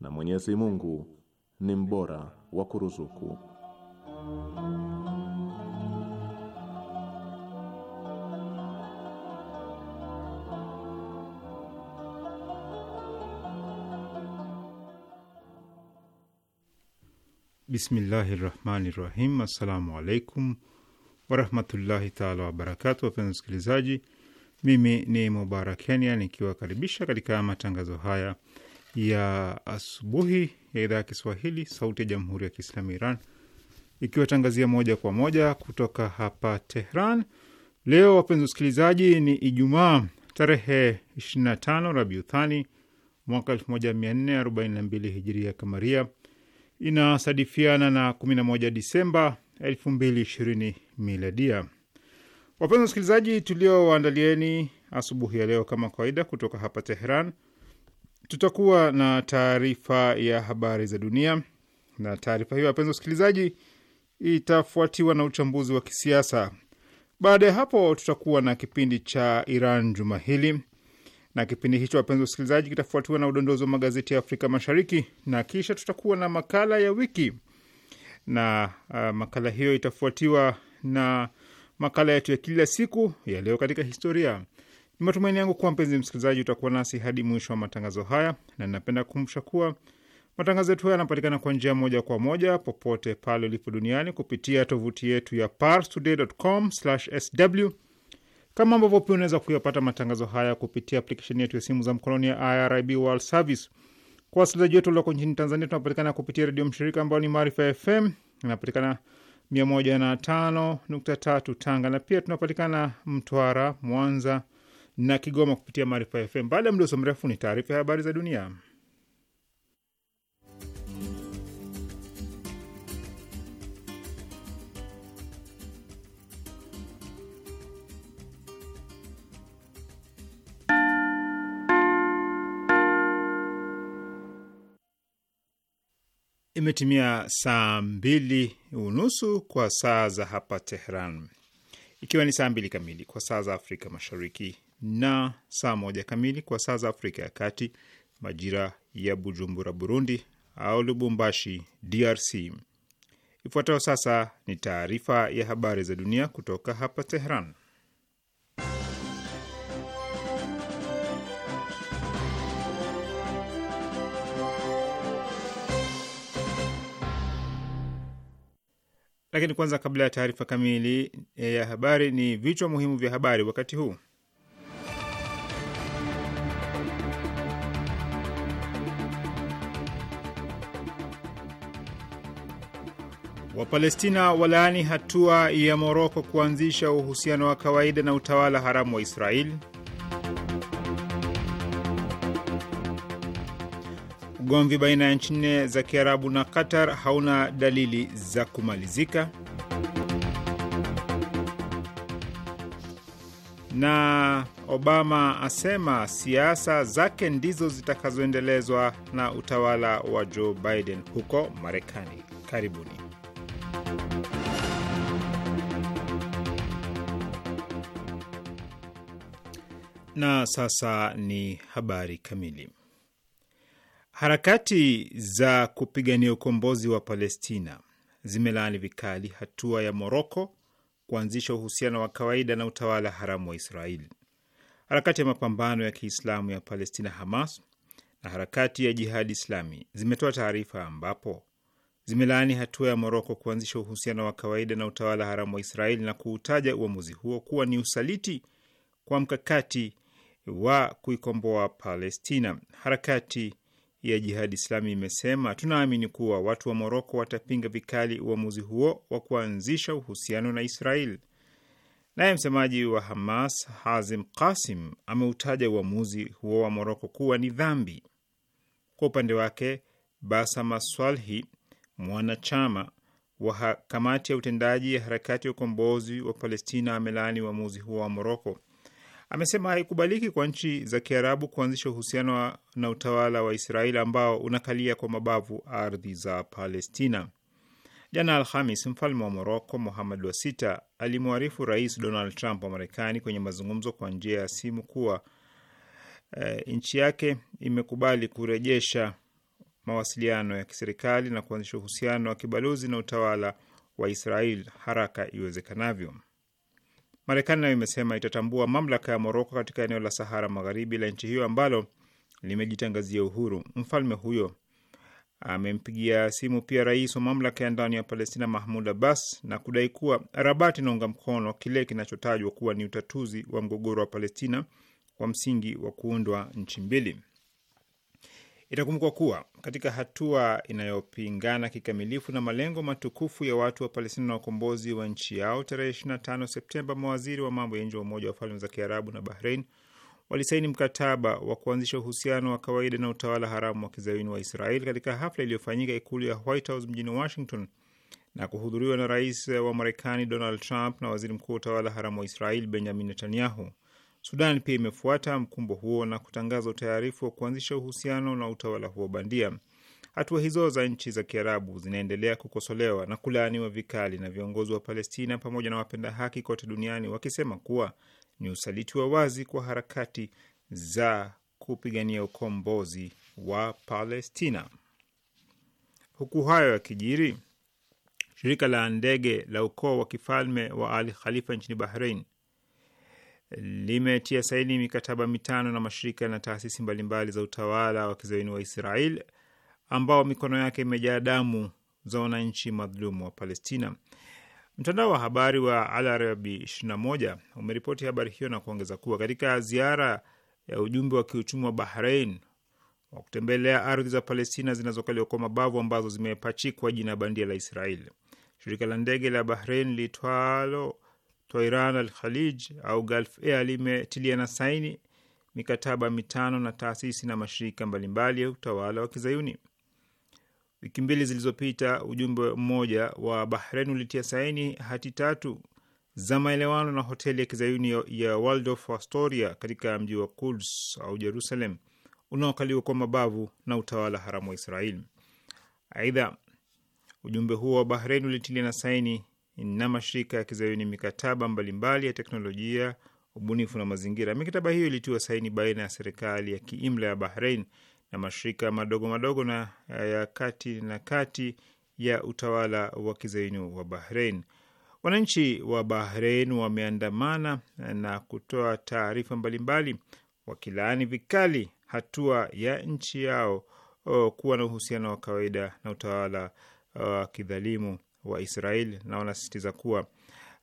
na Mwenyezi Mungu ni mbora wa kuruzuku. Bismillahi rahmani rahim. Assalamu alaikum warahmatullahi taala wabarakatu. Wapenzi wasikilizaji, mimi ni Mubarak Kenya nikiwakaribisha katika matangazo haya ya asubuhi ya idhaa ya Kiswahili sauti ya jamhuri ya kiislamu Iran ikiwatangazia moja kwa moja kutoka hapa Tehran. Leo wapenzi wasikilizaji, ni Ijumaa tarehe 25 Rabiuthani mwaka 1442 hijiria kamaria, inasadifiana na 11 Disemba 2020 miladia. Wapenzi wasikilizaji, tuliowaandalieni asubuhi ya leo kama kawaida kutoka hapa teheran tutakuwa na taarifa ya habari za dunia, na taarifa hiyo, wapenzi wasikilizaji, itafuatiwa na uchambuzi wa kisiasa. Baada ya hapo, tutakuwa na kipindi cha Iran juma hili, na kipindi hicho, wapenzi wasikilizaji, kitafuatiwa na udondozi wa magazeti ya Afrika Mashariki, na kisha tutakuwa na makala ya wiki, na uh, makala hiyo itafuatiwa na makala yetu ya kila siku ya leo katika historia ni matumaini yangu kuwa mpenzi msikilizaji utakuwa nasi hadi mwisho wa matangazo haya, na ninapenda kukumbusha kuwa matangazo yetu haya yanapatikana kwa njia moja kwa moja popote pale ulipo duniani kupitia tovuti yetu ya parstoday.com/sw, kama ambavyo pia unaweza kuyapata matangazo haya kupitia aplikesheni yetu ya simu za mkononi ya IRIB World Service. Kwa wasikilizaji wetu walioko nchini Tanzania, tunapatikana kupitia redio mshirika ambayo ni Maarifa FM, inapatikana 105.3 Tanga, na pia tunapatikana Mtwara, Mwanza, na Kigoma kupitia Maarifa FM. Baada ya mdoso mrefu, ni taarifa ya habari za dunia. Imetimia saa mbili unusu kwa saa za hapa Tehran, ikiwa ni saa mbili kamili kwa saa za Afrika Mashariki na saa moja kamili kwa saa za Afrika ya Kati, majira ya Bujumbura, Burundi, au Lubumbashi, DRC. Ifuatayo sasa ni taarifa ya habari za dunia kutoka hapa Tehran. Lakini kwanza, kabla ya taarifa kamili eh, ya habari, ni vichwa muhimu vya habari wakati huu. Wapalestina walaani hatua ya Moroko kuanzisha uhusiano wa kawaida na utawala haramu wa Israeli. Ugomvi baina ya nchi nne za Kiarabu na Qatar hauna dalili za kumalizika. Na Obama asema siasa zake ndizo zitakazoendelezwa na utawala wa Joe Biden huko Marekani. Karibuni. Na sasa ni habari kamili. Harakati za kupigania ukombozi wa Palestina zimelaani vikali hatua ya Moroko kuanzisha uhusiano wa kawaida na utawala haramu wa Israeli. Harakati ya mapambano ya Kiislamu ya Palestina, Hamas, na harakati ya Jihadi Islami zimetoa taarifa ambapo zimelaani hatua ya Moroko kuanzisha uhusiano wa kawaida na utawala haramu wa Israeli na kuutaja uamuzi huo kuwa ni usaliti kwa mkakati wa kuikomboa Palestina. Harakati ya Jihadi Islami imesema tunaamini kuwa watu wa Moroko watapinga vikali uamuzi huo wa kuanzisha uhusiano na Israeli. Naye msemaji wa Hamas Hazim Qasim ameutaja uamuzi huo wa Moroko kuwa ni dhambi. Kwa upande wake, Basama Swalhi mwanachama wa kamati ya utendaji ya harakati ya ukombozi wa Palestina amelaani uamuzi huo wa Moroko. Amesema haikubaliki kwa nchi za Kiarabu kuanzisha uhusiano na utawala wa Israeli ambao unakalia kwa mabavu ardhi za Palestina. Jana Alhamis, mfalme wa Moroko Mohamed wa Sita alimwarifu Rais Donald Trump wa Marekani kwenye mazungumzo kwa njia ya simu kuwa e, nchi yake imekubali kurejesha mawasiliano ya kiserikali na kuanzisha uhusiano wa kibalozi na utawala wa Israel haraka iwezekanavyo. Marekani nayo imesema itatambua mamlaka ya Moroko katika eneo la Sahara Magharibi la nchi hiyo ambalo limejitangazia uhuru. Mfalme huyo amempigia simu pia rais wa mamlaka ya ndani ya Palestina Mahmud Abbas na kudai kuwa Rabati inaunga mkono kile kinachotajwa kuwa ni utatuzi wa mgogoro wa Palestina kwa msingi wa kuundwa nchi mbili. Itakumbukwa kuwa katika hatua inayopingana kikamilifu na malengo matukufu ya watu wa Palestina na ukombozi wa nchi yao, tarehe 25 Septemba, mawaziri wa mambo ya nje wa Umoja wa Falme za Kiarabu na bahrein walisaini mkataba wa kuanzisha uhusiano wa kawaida na utawala haramu wa kizayuni wa Israeli katika hafla iliyofanyika ikulu ya White House mjini Washington na kuhudhuriwa na rais wa Marekani Donald Trump na waziri mkuu wa utawala haramu wa israel Benjamin Netanyahu. Sudan pia imefuata mkumbo huo na kutangaza utayarifu wa kuanzisha uhusiano na utawala huo bandia. Hatua hizo za nchi za Kiarabu zinaendelea kukosolewa na kulaaniwa vikali na viongozi wa Palestina pamoja na wapenda haki kote duniani, wakisema kuwa ni usaliti wa wazi kwa harakati za kupigania ukombozi wa Palestina. Huku hayo yakijiri, shirika la ndege la ukoo wa kifalme wa Al Khalifa nchini Bahrain limetia saini mikataba mitano na mashirika na taasisi mbalimbali za utawala wa kizayuni wa Israel ambao mikono yake imejaa damu za wananchi madhulumu wa Palestina. Mtandao wa habari wa Al Arabi 21 umeripoti habari hiyo na kuongeza kuwa katika ziara ya ujumbe wa kiuchumi wa Bahrain wa kutembelea ardhi za Palestina zinazokaliwa kwa mabavu ambazo zimepachikwa jina bandia la Israel, shirika la ndege la Bahrain litwalo Toiran Al Khalij au Gulf Air na saini mikataba mitano na taasisi na mashirika mbalimbali ya utawala wa Kizayuni. Wiki mbili zilizopita, ujumbe mmoja wa Bahrein ulitia saini hati tatu za maelewano na hoteli ya Kizayuni ya Waldorf Astoria katika mji wa Quds au Jerusalem unaokaliwa kwa mabavu na utawala haramu wa Israeli. Aidha, ujumbe huo wa Bahrein ulitilia na saini na mashirika ya kizayuni mikataba mbalimbali ya teknolojia, ubunifu na mazingira. Mikataba hiyo ilitiwa saini baina ya serikali ya kiimla ya Bahrain na mashirika madogo madogo na eh, ya kati na kati ya utawala wa kizayuni wa Bahrain. Wananchi wa Bahrain wameandamana eh, na kutoa taarifa mbalimbali wakilaani vikali hatua ya nchi yao oh, kuwa na uhusiano wa kawaida na utawala eh, wa kidhalimu wa israel na wanasisitiza kuwa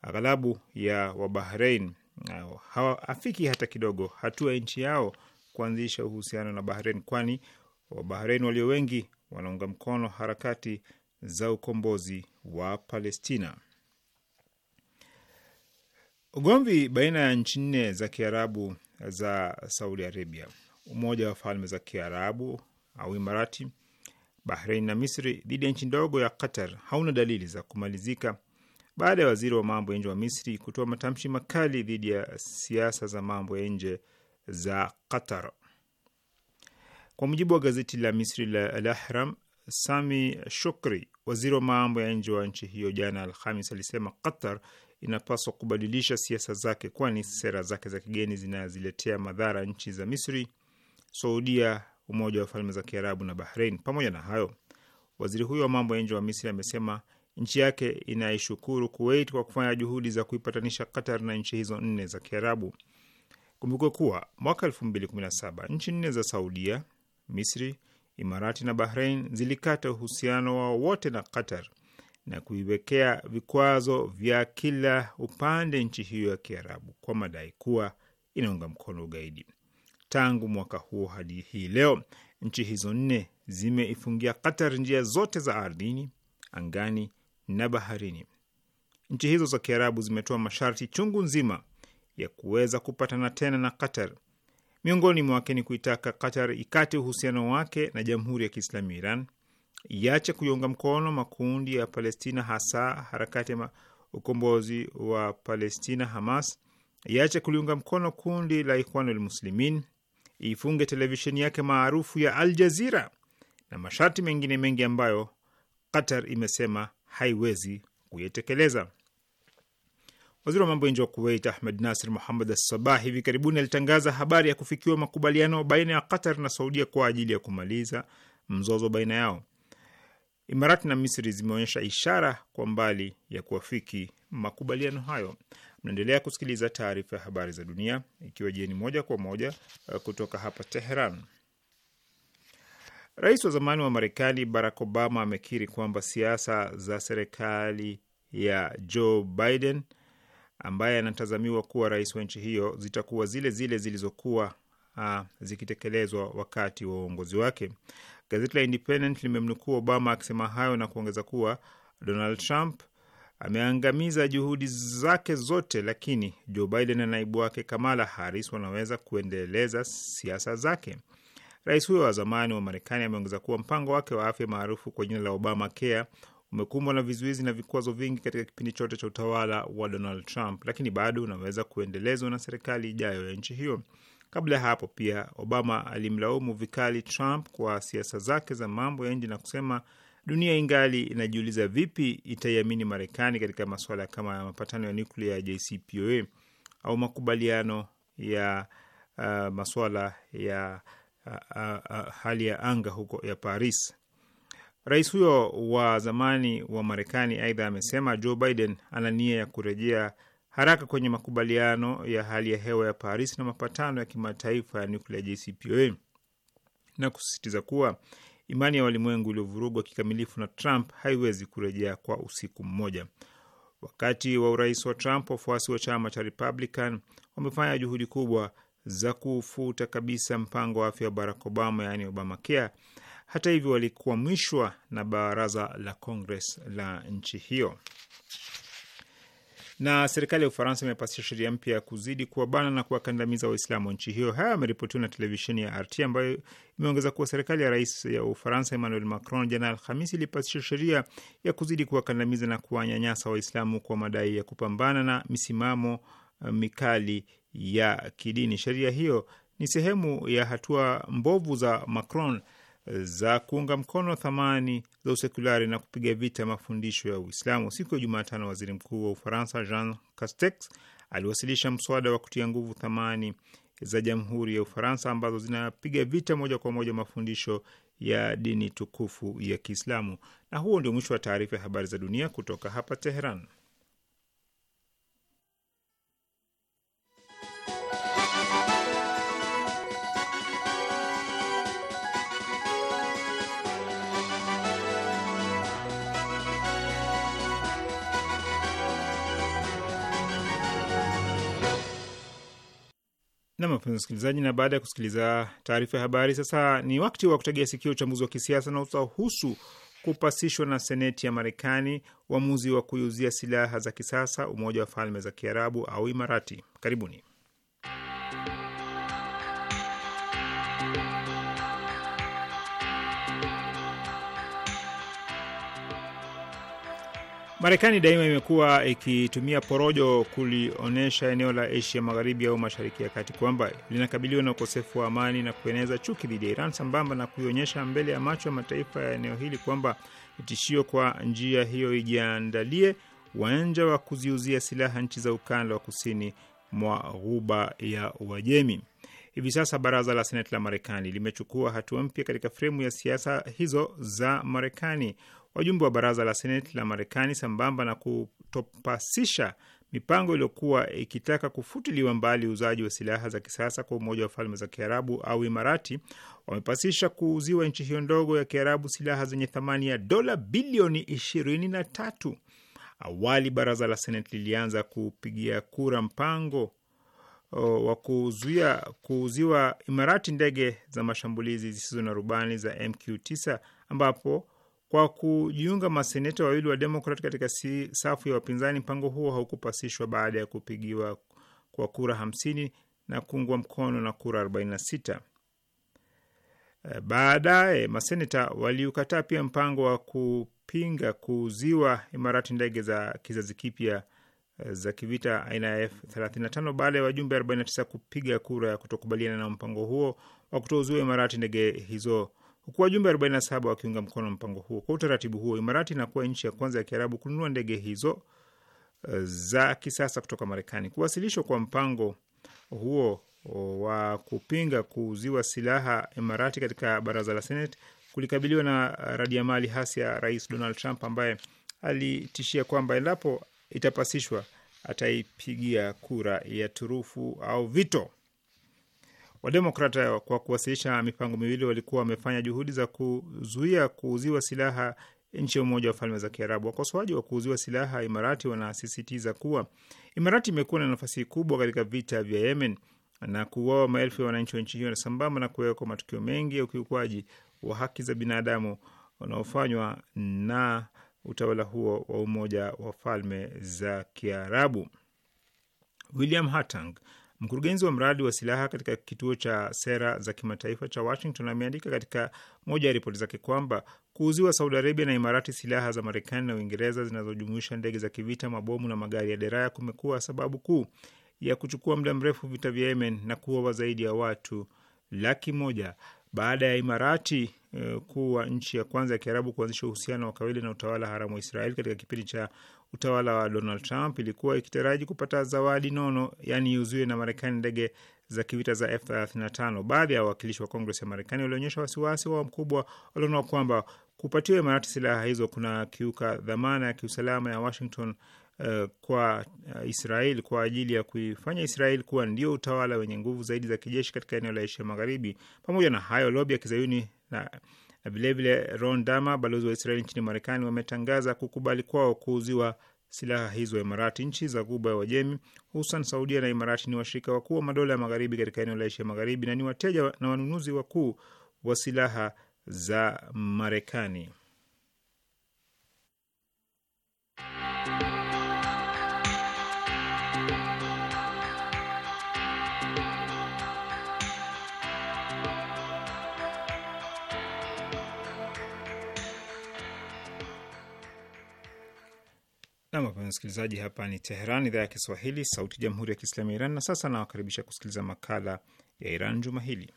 aghalabu ya Wabahrein hawaafiki hata kidogo hatua ya nchi yao kuanzisha uhusiano na Bahrein, kwani Wabahrein walio wengi wanaunga mkono harakati za ukombozi wa Palestina. Ugomvi baina ya nchi nne za Kiarabu za Saudi Arabia, Umoja wa Falme za Kiarabu au Imarati, Bahrein na Misri dhidi ya nchi ndogo ya Qatar hauna dalili za kumalizika baada ya waziri wa mambo ya nje wa Misri kutoa matamshi makali dhidi ya siasa za mambo ya nje za Qatar. Kwa mujibu wa gazeti la Misri la Al Ahram, Sami Shukri, waziri wa mambo ya nje wa nchi hiyo, jana Alhamis alisema Qatar inapaswa kubadilisha siasa zake, kwani sera zake za kigeni zinaziletea madhara nchi za Misri, Saudia Umoja wa Falme za Kiarabu na Bahrein. Pamoja na hayo, waziri huyo wa mambo ya nje wa Misri amesema nchi yake inaishukuru Kuwait kwa kufanya juhudi za kuipatanisha Qatar na nchi hizo nne za Kiarabu. Kumbukwe kuwa mwaka 2017 nchi nne za Saudia, Misri, Imarati na Bahrain zilikata uhusiano wao wote na Qatar na kuiwekea vikwazo vya kila upande nchi hiyo ya Kiarabu kwa madai kuwa inaunga mkono ugaidi tangu mwaka huo hadi hii leo. Nchi hizo nne zimeifungia Qatar njia zote za ardhini, angani na baharini. Nchi hizo za Kiarabu zimetoa masharti chungu nzima ya kuweza kupatana tena na Qatar. Miongoni mwake ni kuitaka Qatar ikate uhusiano wake na Jamhuri ya Kiislamu ya Iran, iache kuiunga mkono makundi ya Palestina, hasa harakati ya ukombozi wa Palestina, Hamas, iache kuliunga mkono kundi la Ikhwanul Muslimin, ifunge televisheni yake maarufu ya Al Jazira na masharti mengine mengi ambayo Qatar imesema haiwezi kuyatekeleza. Waziri wa mambo ya nje wa Kuwait Ahmed Nasir Muhammad Assabah hivi karibuni alitangaza habari ya kufikiwa makubaliano baina ya Qatar na Saudia kwa ajili ya kumaliza mzozo baina yao. Imarati na Misri zimeonyesha ishara kwa mbali ya kuafiki makubaliano hayo. Mnaendelea kusikiliza taarifa ya habari za dunia, ikiwa jieni moja kwa moja eh, kutoka hapa Teheran. Rais wa zamani wa Marekani Barack Obama amekiri kwamba siasa za serikali ya Joe Biden ambaye anatazamiwa kuwa rais wa nchi hiyo zitakuwa zile zile zilizokuwa ah, zikitekelezwa wakati wa uongozi wake. Gazeti la Independent limemnukuu Obama akisema hayo na kuongeza kuwa Donald Trump ameangamiza juhudi zake zote, lakini Joe Biden na naibu wake Kamala Harris wanaweza kuendeleza siasa zake. Rais huyo wa zamani wa Marekani ameongeza kuwa mpango wake wa afya maarufu kwa jina la Obama Care umekumbwa na vizuizi na vikwazo vingi katika kipindi chote cha utawala wa Donald Trump, lakini bado unaweza kuendelezwa na serikali ijayo ya nchi hiyo. Kabla ya hapo pia, Obama alimlaumu vikali Trump kwa siasa zake za mambo ya nje na kusema dunia ingali inajiuliza vipi itaiamini Marekani katika masuala kama mapatano ya nuklia ya JCPOA au makubaliano ya uh, masuala ya uh, uh, uh, hali ya anga huko ya Paris. Rais huyo wa zamani wa Marekani aidha amesema Joe Biden ana nia ya kurejea haraka kwenye makubaliano ya hali ya hewa ya Paris na mapatano ya kimataifa ya nuklia JCPOA na kusisitiza kuwa imani ya walimwengu iliyovurugwa kikamilifu na Trump haiwezi kurejea kwa usiku mmoja. Wakati wa urais wa Trump, wafuasi wa chama cha Republican wamefanya juhudi kubwa za kufuta kabisa mpango wa afya wa Barack Obama, yaani Obamacare. Hata hivyo, walikwamishwa na baraza la Congress la nchi hiyo na serikali ya Ufaransa imepasisha sheria mpya ya kuzidi kuwabana na kuwakandamiza Waislamu wa nchi hiyo. Haya ameripotiwa na televisheni ya RT ambayo imeongeza kuwa serikali ya rais ya Ufaransa Emmanuel Macron jana Alhamisi ilipasisha sheria ya kuzidi kuwakandamiza na kuwanyanyasa Waislamu kwa madai ya kupambana na misimamo eh, mikali ya kidini. Sheria hiyo ni sehemu ya hatua mbovu za Macron za kuunga mkono thamani za usekulari na kupiga vita mafundisho ya Uislamu. Siku ya Jumatano, waziri mkuu wa Ufaransa Jean Castex aliwasilisha mswada wa kutia nguvu thamani za jamhuri ya Ufaransa ambazo zinapiga vita moja kwa moja mafundisho ya dini tukufu ya Kiislamu. Na huo ndio mwisho wa taarifa ya habari za dunia kutoka hapa Teheran. Nam wapenzi msikilizaji, na baada ya kusikiliza taarifa ya habari, sasa ni wakati wa kutegea sikio uchambuzi wa kisiasa na utahusu kupasishwa na seneti ya Marekani uamuzi wa kuiuzia silaha za kisasa Umoja wa Falme za Kiarabu au Imarati. Karibuni. Marekani daima imekuwa ikitumia porojo kulionyesha eneo la Asia Magharibi au Mashariki ya Kati kwamba linakabiliwa na ukosefu wa amani na kueneza chuki dhidi ya Iran, sambamba na kuionyesha mbele ya macho ya mataifa ya eneo hili kwamba tishio kwa njia hiyo ijiandalie uwanja wa kuziuzia silaha nchi za ukanda wa kusini mwa Ghuba ya Uajemi. Hivi sasa baraza la seneti la Marekani limechukua hatua mpya katika fremu ya siasa hizo za Marekani wajumbe wa baraza la seneti la Marekani sambamba na kutopasisha mipango iliyokuwa ikitaka kufutiliwa mbali uuzaji wa silaha za kisasa kwa Umoja wa Falme za Kiarabu au Imarati, wamepasisha kuuziwa nchi hiyo ndogo ya Kiarabu silaha zenye thamani ya dola bilioni ishirini na tatu. Awali baraza la seneti lilianza kupigia kura mpango wa kuzuia kuuziwa Imarati ndege za mashambulizi zisizo na rubani za MQ9 ambapo kwa kujiunga maseneta wawili wa Demokrat katika safu ya wapinzani, mpango huo haukupasishwa baada ya kupigiwa kwa kura hamsini na kuungwa mkono na kura 46. Eh, baadaye maseneta waliukataa pia mpango wa kupinga kuuziwa Imarati ndege za kizazi kipya eh, za kivita aina ya F35 baada ya wajumbe 49 kupiga kura ya kutokubaliana na mpango huo wa kutouziwa Imarati ndege hizo huku wajumbe 47 wakiunga mkono mpango huo. Kwa utaratibu huo, Imarati inakuwa nchi ya kwanza ya Kiarabu kununua ndege hizo eh, za kisasa kutoka Marekani. Kuwasilishwa kwa mpango huo oh, wa kupinga kuuziwa silaha Imarati katika baraza la senat kulikabiliwa na radiamali hasi ya Rais Donald Trump ambaye alitishia kwamba endapo itapasishwa ataipigia kura ya turufu au vito wademokrat kwa kuwasilisha mipango miwili walikuwa wamefanya juhudi za kuzuia kuuziwa silaha nchi ya Umoja wa Falme za Kiarabu. Wakosoaji wa kuuziwa silaha Imarati wanasisitiza kuwa Imarati imekuwa na nafasi kubwa katika vita vya Yemen na kuuawa maelfu ya wananchi wa nchi hiyo, na sambamba na kuwekwa matukio mengi ya ukiukwaji wa haki za binadamu unaofanywa na utawala huo wa Umoja wa Falme za Kiarabu. William Hartung Mkurugenzi wa mradi wa silaha katika kituo cha sera za kimataifa cha Washington ameandika katika moja ya ripoti zake kwamba kuuziwa Saudi Arabia na Imarati silaha za Marekani na Uingereza zinazojumuisha ndege za kivita, mabomu na magari ya deraya kumekuwa sababu kuu ya kuchukua muda mrefu vita vya Yemen na kuua zaidi ya watu laki moja baada ya Imarati Eh, kuwa nchi ya kwanza ya Kiarabu kuanzisha uhusiano wa kawili na utawala haramu wa Israeli katika kipindi cha utawala wa Donald Trump ilikuwa ikitaraji kupata zawadi nono, yaani iuziwe na Marekani ndege za kivita za F35. Baadhi ya wawakilishi wa Kongres ya Marekani walionyesha wasiwasi wao mkubwa walionao kwamba kupatiwa Imarati silaha hizo kuna kiuka dhamana ya kiusalama ya Washington uh, kwa uh, Israel kwa ajili ya kuifanya Israel kuwa ndio utawala wenye nguvu zaidi za kijeshi katika eneo la Asia Magharibi. Pamoja na hayo, lobi ya kizayuni na vilevile Ron Dama, balozi wa Israeli nchini Marekani, wametangaza kukubali kwao kuuziwa silaha hizo Imarati. Nchi za Guba ya Uajemi, hususan Saudia na Imarati, ni washirika wakuu wa madola ya magharibi katika eneo la Asia Magharibi na ni wateja na wanunuzi wakuu wa silaha za Marekani. Nam, wapenzi msikilizaji, hapa ni Teheran, idhaa ya Kiswahili, sauti ya jamhuri ya kiislamu ya Iran. Na sasa nawakaribisha kusikiliza makala ya Iran juma hili.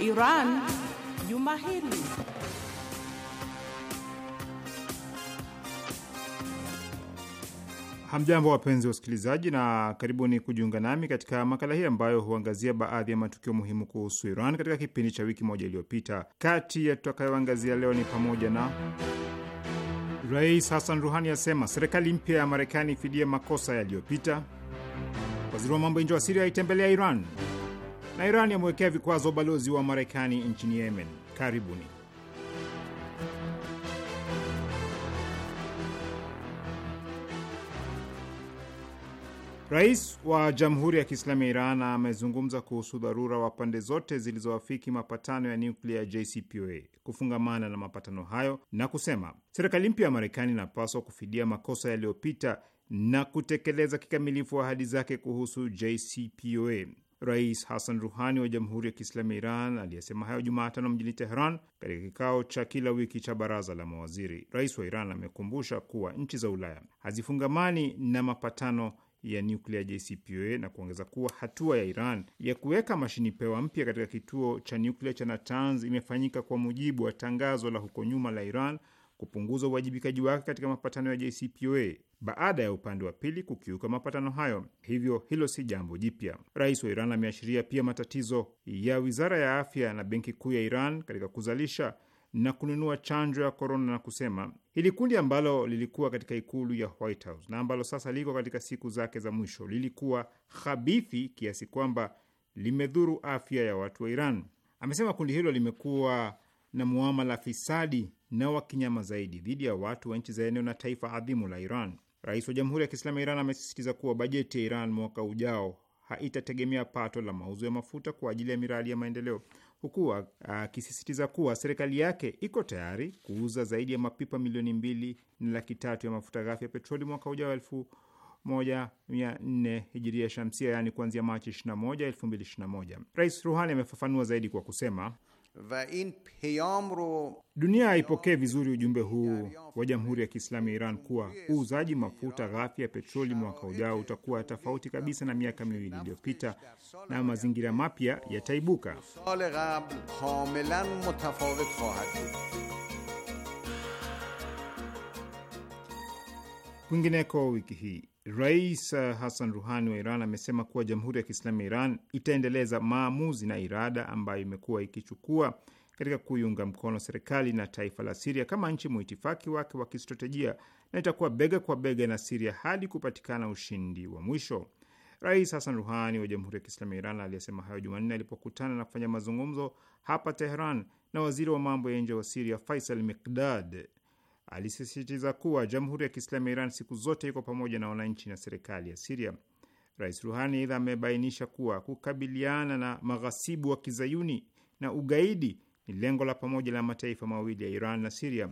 Iran juma hili. Hamjambo, wapenzi wasikilizaji, na karibuni kujiunga nami katika makala hii ambayo huangazia baadhi ya matukio muhimu kuhusu Iran katika kipindi cha wiki moja iliyopita. Kati ya tutakayoangazia leo ni pamoja na Rais Hassan Ruhani asema serikali mpya ya Marekani ifidia makosa yaliyopita, waziri wa mambo ya nje wa Siria aitembelea Iran na Iran yamewekea vikwazo balozi wa Marekani nchini Yemen. Karibuni. Rais wa Jamhuri ya Kiislamu ya Iran amezungumza kuhusu dharura wa pande zote zilizoafiki mapatano ya nyuklia ya JCPOA kufungamana na mapatano hayo na kusema serikali mpya ya Marekani inapaswa kufidia makosa yaliyopita na kutekeleza kikamilifu ahadi zake kuhusu JCPOA. Rais Hassan Ruhani wa Jamhuri ya Kiislamu ya Iran aliyesema hayo Jumatano mjini Teheran katika kikao cha kila wiki cha baraza la mawaziri. Rais wa Iran amekumbusha kuwa nchi za Ulaya hazifungamani na mapatano ya nuklia JCPOA na kuongeza kuwa hatua ya Iran ya kuweka mashini pewa mpya katika kituo cha nyuklia cha Natanz imefanyika kwa mujibu wa tangazo la huko nyuma la Iran kupunguza uwajibikaji wake katika mapatano ya JCPOA baada ya upande wa pili kukiuka mapatano hayo. Hivyo hilo si jambo jipya. Rais wa Iran ameashiria pia matatizo ya wizara ya afya na benki kuu ya Iran katika kuzalisha na kununua chanjo ya korona na kusema hili kundi ambalo lilikuwa katika ikulu ya White House na ambalo sasa liko katika siku zake za mwisho lilikuwa habithi kiasi kwamba limedhuru afya ya watu wa Iran. Amesema kundi hilo limekuwa na muamala fisadi na wa kinyama zaidi dhidi ya watu wa nchi za eneo na taifa adhimu la Iran. Rais wa Jamhuri ya Kiislamu ya Iran amesisitiza kuwa bajeti ya Iran mwaka ujao haitategemea pato la mauzo ya mafuta kwa ajili ya miradi ya maendeleo huku akisisitiza kuwa serikali yake iko tayari kuuza zaidi ya mapipa milioni mbili na laki tatu ya mafuta ghafi ya petroli mwaka ujao elfu moja mia nne hijiria shamsia, yaani kuanzia Machi 21, 2021. Rais Ruhani amefafanua zaidi kwa kusema Dunia haipokee vizuri ujumbe huu wa Jamhuri ya Kiislamu ya Iran kuwa uuzaji mafuta ghafi ya petroli mwaka ujao utakuwa tofauti kabisa na miaka miwili iliyopita na mazingira mapya yataibuka. Kwingineko wiki hii Rais uh, Hassan Ruhani wa Iran amesema kuwa Jamhuri ya Kiislamu ya Iran itaendeleza maamuzi na irada ambayo imekuwa ikichukua katika kuiunga mkono serikali na taifa la Siria kama nchi mwitifaki wake wa kistratejia na itakuwa bega kwa bega na Siria hadi kupatikana ushindi wa mwisho. Rais Hassan Ruhani wa Jamhuri ya Kiislamu ya Iran aliyesema hayo Jumanne alipokutana na kufanya mazungumzo hapa Teheran na waziri wa mambo ya nje wa Siria Faisal Mikdad alisisitiza kuwa Jamhuri ya Kiislamu ya Iran siku zote iko pamoja na wananchi na serikali ya Siria. Rais Ruhani aidha amebainisha kuwa kukabiliana na maghasibu wa kizayuni na ugaidi ni lengo la pamoja la mataifa mawili ya Iran na Siria.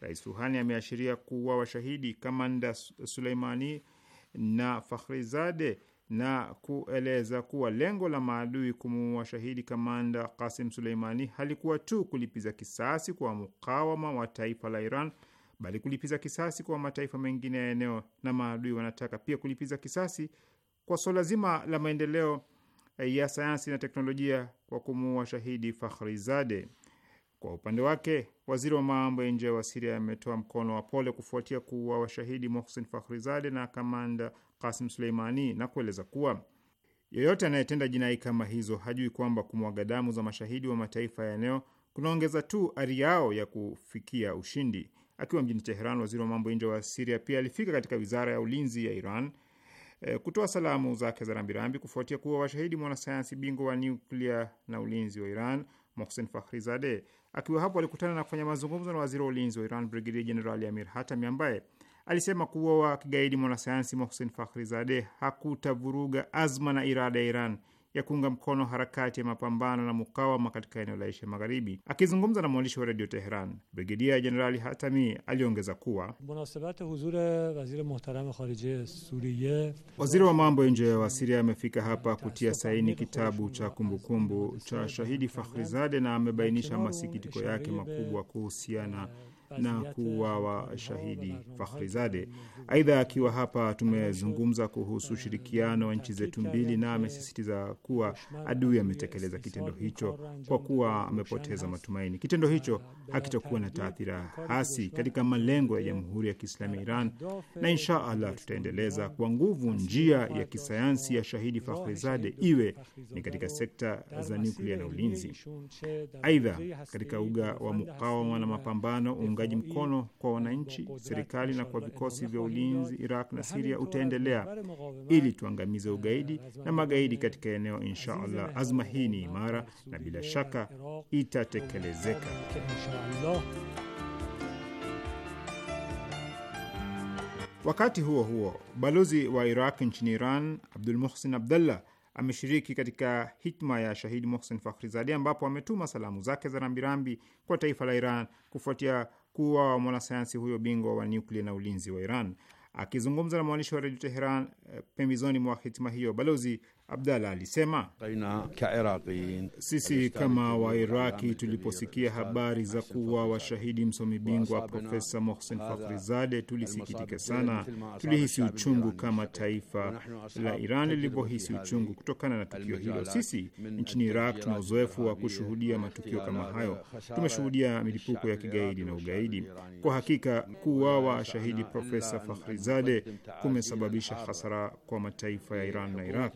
Rais Ruhani ameashiria kuwa washahidi kamanda Suleimani na Fakhrizade na kueleza kuwa lengo la maadui kumuua shahidi kamanda Kasim Suleimani halikuwa tu kulipiza kisasi kwa mukawama wa taifa la Iran bali kulipiza kisasi kwa mataifa mengine ya eneo, na maadui wanataka pia kulipiza kisasi kwa suala zima la maendeleo ya sayansi na teknolojia kwa kumuua shahidi Fakhrizade. Kwa upande wake, waziri wa mambo ya nje wa Siria ametoa mkono wa pole kufuatia kuwa washahidi Mohsen Fakhrizade na kamanda Kasim Suleimani na kueleza kuwa yeyote anayetenda jinai kama hizo hajui kwamba kumwaga damu za mashahidi wa mataifa ya eneo kunaongeza tu ari yao ya kufikia ushindi. Akiwa mjini Teheran, waziri wa mambo ya nje wa Siria pia alifika katika wizara ya ulinzi ya Iran e, kutoa salamu zake za rambirambi kufuatia kuwa washahidi mwanasayansi bingwa wa nuklia na ulinzi wa Iran Mohsen Fakhrizadeh. Akiwa hapo alikutana na kufanya mazungumzo na waziri wa ulinzi wa Iran, Brigedia Jenerali Amir Hatami, ambaye alisema kuwa wa kigaidi mwanasayansi Mohsen Fakhrizadeh hakutavuruga azma na irada ya Iran ya kuunga mkono harakati ya mapambano na mukawama katika eneo la Asia Magharibi. Akizungumza na mwandishi wa redio Teheran, Brigedia Jenerali Hatami aliongeza kuwa e waziri wa mambo ya nje wa Siria amefika hapa kutia saini kitabu cha kumbukumbu cha shahidi Fakhrizade na amebainisha masikitiko yake makubwa kuhusiana na kuwa washahidi Fakhrizade. Aidha, akiwa hapa tumezungumza kuhusu ushirikiano wa nchi zetu mbili, na amesisitiza kuwa adui ametekeleza kitendo hicho kwa kuwa amepoteza matumaini. Kitendo hicho hakitakuwa na taathira hasi katika malengo ya Jamhuri ya Kiislamu ya Iran, na insha Allah tutaendeleza kwa nguvu njia ya kisayansi ya shahidi Fakhrizade, iwe ni katika sekta za nuklia na ulinzi. Aidha, katika uga wa mukawama na mapambano uungaji mkono kwa wananchi, serikali na kwa vikosi vya ulinzi Iraq na Siria utaendelea ili tuangamize ugaidi na magaidi katika eneo, insha Allah. Azma hii ni imara na bila shaka itatekelezeka. Wakati huo huo, balozi wa Iraq nchini Iran Abdul Muhsin Abdallah ameshiriki katika hitma ya shahidi Mohsen Fakhrizadeh ambapo ametuma salamu zake za rambirambi kwa taifa la Iran kufuatia kuwa mwanasayansi huyo bingwa wa nyuklia na ulinzi wa Iran. Akizungumza na mwandishi wa redio Teheran eh, pembezoni mwa hitima hiyo, balozi Abdalla alisema sisi kama Wairaki tuliposikia habari za kuwa washahidi msomi bingwa Profesa Mohsen Fakhrizade tulisikitika sana. Tulihisi uchungu kama taifa la Iran lilivyohisi uchungu kutokana na tukio hilo. Sisi nchini Iraq tuna uzoefu wa kushuhudia matukio kama hayo. Tumeshuhudia milipuko ya kigaidi na ugaidi. Kwa hakika, kuuawa shahidi Profesa Fakhrizade kumesababisha hasara kwa mataifa ya Iran na Iraq.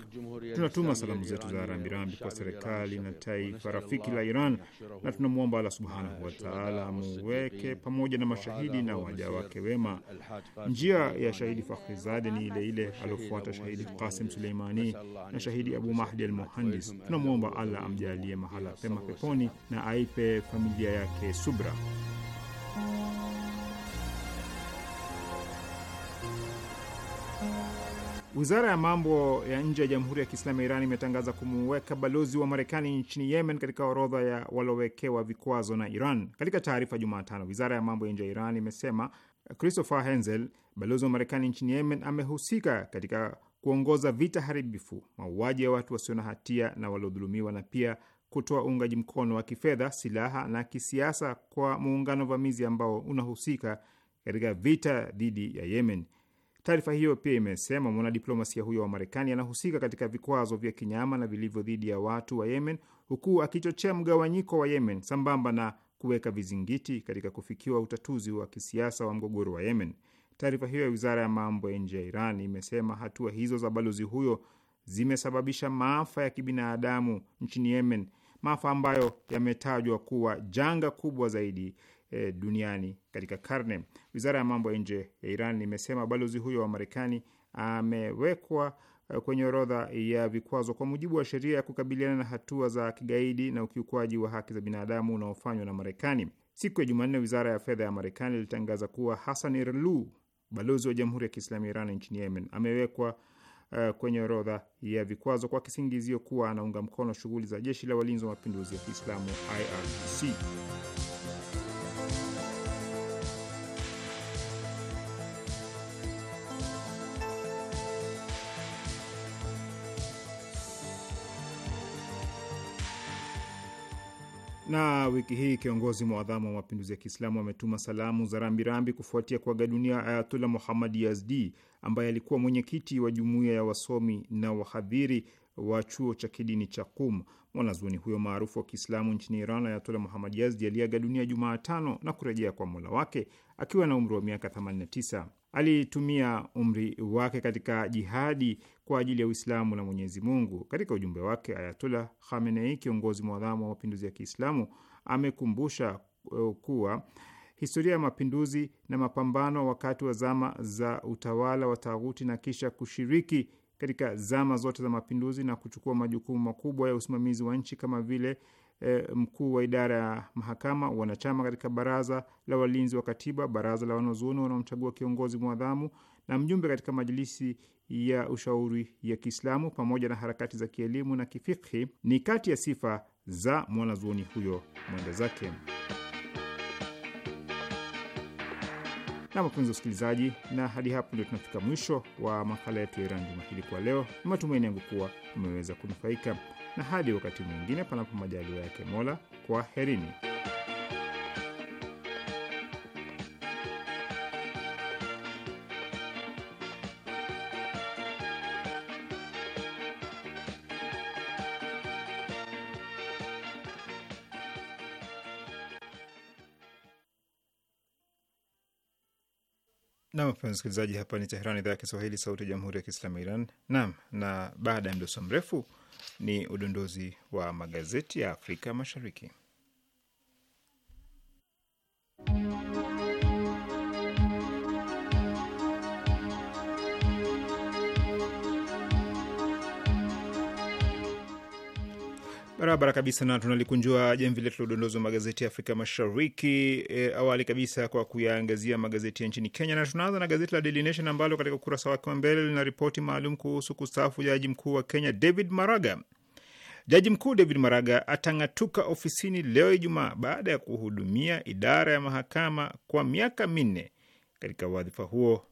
Tunatuma salamu zetu za rambirambi kwa serikali na taifa rafiki la Iran na tunamwomba Allah subhanahu wataala amuweke pamoja na mashahidi na waja wake wema. Njia ya shahidi Fakhrizade ni ile ile aliofuata shahidi Qasim Suleimani na shahidi Abu Mahdi al Muhandis. Tunamwomba Allah amjalie mahala pema peponi na aipe familia yake subra. Wizara ya mambo ya nje ya Jamhuri ya Kiislamu ya Iran imetangaza kumuweka balozi wa Marekani nchini Yemen katika orodha ya waliowekewa vikwazo na Iran. Katika taarifa Jumatano, wizara ya mambo ya nje ya Iran imesema Christopher henzel balozi wa Marekani nchini Yemen, amehusika katika kuongoza vita haribifu, mauaji ya watu wasio na hatia na waliodhulumiwa, na pia kutoa uungaji mkono wa kifedha, silaha na kisiasa kwa muungano vamizi ambao unahusika katika vita dhidi ya Yemen. Taarifa hiyo pia imesema mwanadiplomasia huyo wa Marekani anahusika katika vikwazo vya kinyama na vilivyo dhidi ya watu wa Yemen, huku akichochea mgawanyiko wa Yemen sambamba na kuweka vizingiti katika kufikiwa utatuzi wa kisiasa wa mgogoro wa Yemen. Taarifa hiyo ya wizara ya mambo ya nje ya Iran imesema hatua hizo za balozi huyo zimesababisha maafa ya kibinadamu nchini Yemen, maafa ambayo yametajwa kuwa janga kubwa zaidi e, duniani katika karne. Wizara ya mambo ya nje ya Iran imesema balozi huyo wa Marekani amewekwa eh, kwenye orodha ya vikwazo kwa mujibu wa sheria ya kukabiliana na hatua za kigaidi na ukiukwaji wa haki za binadamu unaofanywa na Marekani. Siku ya Jumanne, wizara ya fedha ya Marekani ilitangaza kuwa Hassan Irluu, balozi wa Jamhuri ya Kiislamu ya Iran nchini Yemen, amewekwa uh, kwenye orodha ya vikwazo kwa kisingizio kuwa anaunga mkono shughuli za jeshi la walinzi wa mapinduzi ya Kiislamu IRGC. Na wiki hii kiongozi mwadhamu wa mapinduzi ya Kiislamu ametuma salamu za rambirambi kufuatia kuaga dunia Ayatullah Muhammad Yazdi ambaye alikuwa mwenyekiti wa jumuiya ya wasomi na wahadhiri wa chuo cha kidini cha Qum. Mwanazuoni huyo maarufu wa Kiislamu nchini Iran, Ayatola Muhammad Yazdi aliaga dunia Jumatano na kurejea kwa Mola wake akiwa na umri wa miaka 89 alitumia umri wake katika jihadi kwa ajili ya Uislamu na Mwenyezi Mungu. Katika ujumbe wake, Ayatullah Khamenei, kiongozi mwadhamu wa mapinduzi ya Kiislamu, amekumbusha uh, kuwa historia ya mapinduzi na mapambano wakati wa zama za utawala wa taghuti na kisha kushiriki katika zama zote za mapinduzi na kuchukua majukumu makubwa ya usimamizi wa nchi kama vile e, mkuu wa idara ya mahakama, wanachama katika baraza la walinzi wa katiba, baraza la wanazuoni wanaomchagua kiongozi mwadhamu na mjumbe katika majilisi ya ushauri ya Kiislamu, pamoja na harakati za kielimu na kifikhi, ni kati ya sifa za mwanazuoni huyo mwenda zake. na wapenzi usikilizaji, na hadi hapo ndio tunafika mwisho wa makala yetu ya Iran juma hili kwa leo. Ni matumaini yangu kuwa umeweza kunufaika na hadi wakati mwingine, panapo majaliwa yake Mola, kwa herini. Nam, mpenzi msikilizaji, hapa ni Teheran, idhaa ya Kiswahili, sauti ya jamhuri ya kiislamu ya Iran. Nam, na baada ya mdoso mrefu ni udondozi wa magazeti ya Afrika Mashariki. Barabara kabisa, na tunalikunjua jamvi letu la udondozi wa magazeti ya Afrika Mashariki. E, awali kabisa kwa kuyaangazia magazeti ya nchini Kenya, na tunaanza na gazeti la Daily Nation ambalo katika ukurasa wake wa mbele lina ripoti maalum kuhusu kustaafu jaji mkuu wa Kenya David Maraga. Jaji mkuu David Maraga atang'atuka ofisini leo Ijumaa baada ya kuhudumia idara ya mahakama kwa miaka minne katika wadhifa huo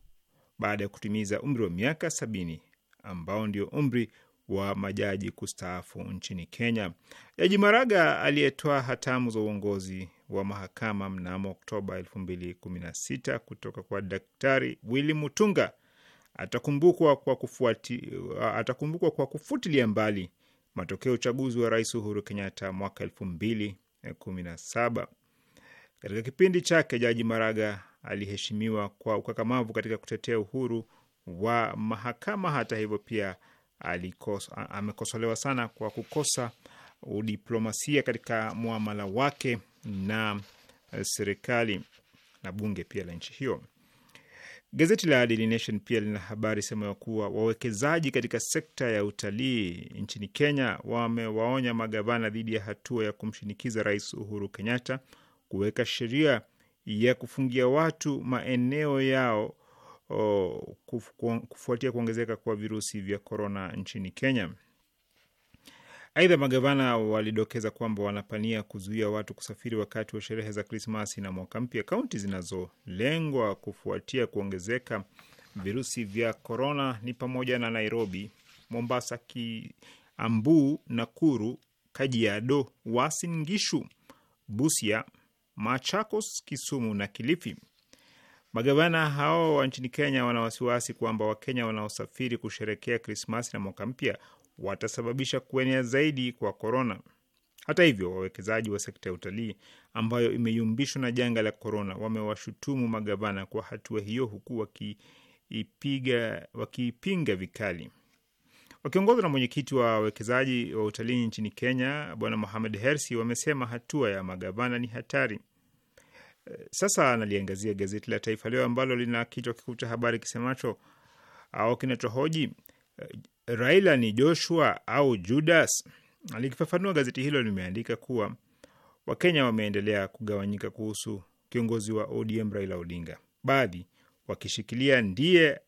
baada ya kutimiza umri wa miaka sabini ambao ndio umri wa majaji kustaafu nchini Kenya. Jaji Maraga aliyetoa hatamu za uongozi wa mahakama mnamo Oktoba 2016 kutoka kwa Daktari Willy Mutunga atakumbukwa kwa kufuati, atakumbukwa kwa kufutilia mbali matokeo ya uchaguzi wa Rais Uhuru Kenyatta mwaka 2017. Katika kipindi chake, Jaji Maraga aliheshimiwa kwa ukakamavu katika kutetea uhuru wa mahakama. Hata hivyo, pia amekosolewa sana kwa kukosa udiplomasia katika muamala wake na eh, serikali na bunge pia la nchi hiyo. Gazeti la Daily Nation pia lina habari ya kuwa wawekezaji katika sekta ya utalii nchini Kenya wamewaonya magavana dhidi ya hatua ya kumshinikiza Rais Uhuru Kenyatta kuweka sheria ya kufungia watu maeneo yao kufuatia kuongezeka kwa virusi vya korona nchini Kenya. Aidha, magavana walidokeza kwamba wanapania kuzuia watu kusafiri wakati wa sherehe za Krismasi na mwaka mpya. Kaunti zinazolengwa kufuatia kuongezeka virusi vya korona ni pamoja na Nairobi, Mombasa, Kiambu, Nakuru, Kajiado, Uasin Gishu, Busia, Machakos, Kisumu na Kilifi. Magavana hao wa nchini Kenya wana wasiwasi kwamba Wakenya wanaosafiri kusherekea Krismasi na mwaka mpya watasababisha kuenea zaidi kwa korona. Hata hivyo, wawekezaji wa sekta ya utalii ambayo imeyumbishwa na janga la korona wamewashutumu magavana kwa hatua hiyo, huku wakiipinga waki vikali. Wakiongozwa na mwenyekiti wa wawekezaji wa utalii nchini Kenya Bwana Mohamed Hersi, wamesema hatua ya magavana ni hatari. Sasa analiangazia gazeti la Taifa Leo ambalo lina kichwa kikuu cha habari kisemacho au kinachohoji eh, Raila ni Joshua au Judas. Likifafanua, gazeti hilo limeandika kuwa Wakenya wameendelea kugawanyika kuhusu kiongozi wa ODM Raila Odinga, baadhi wakishikilia ndiye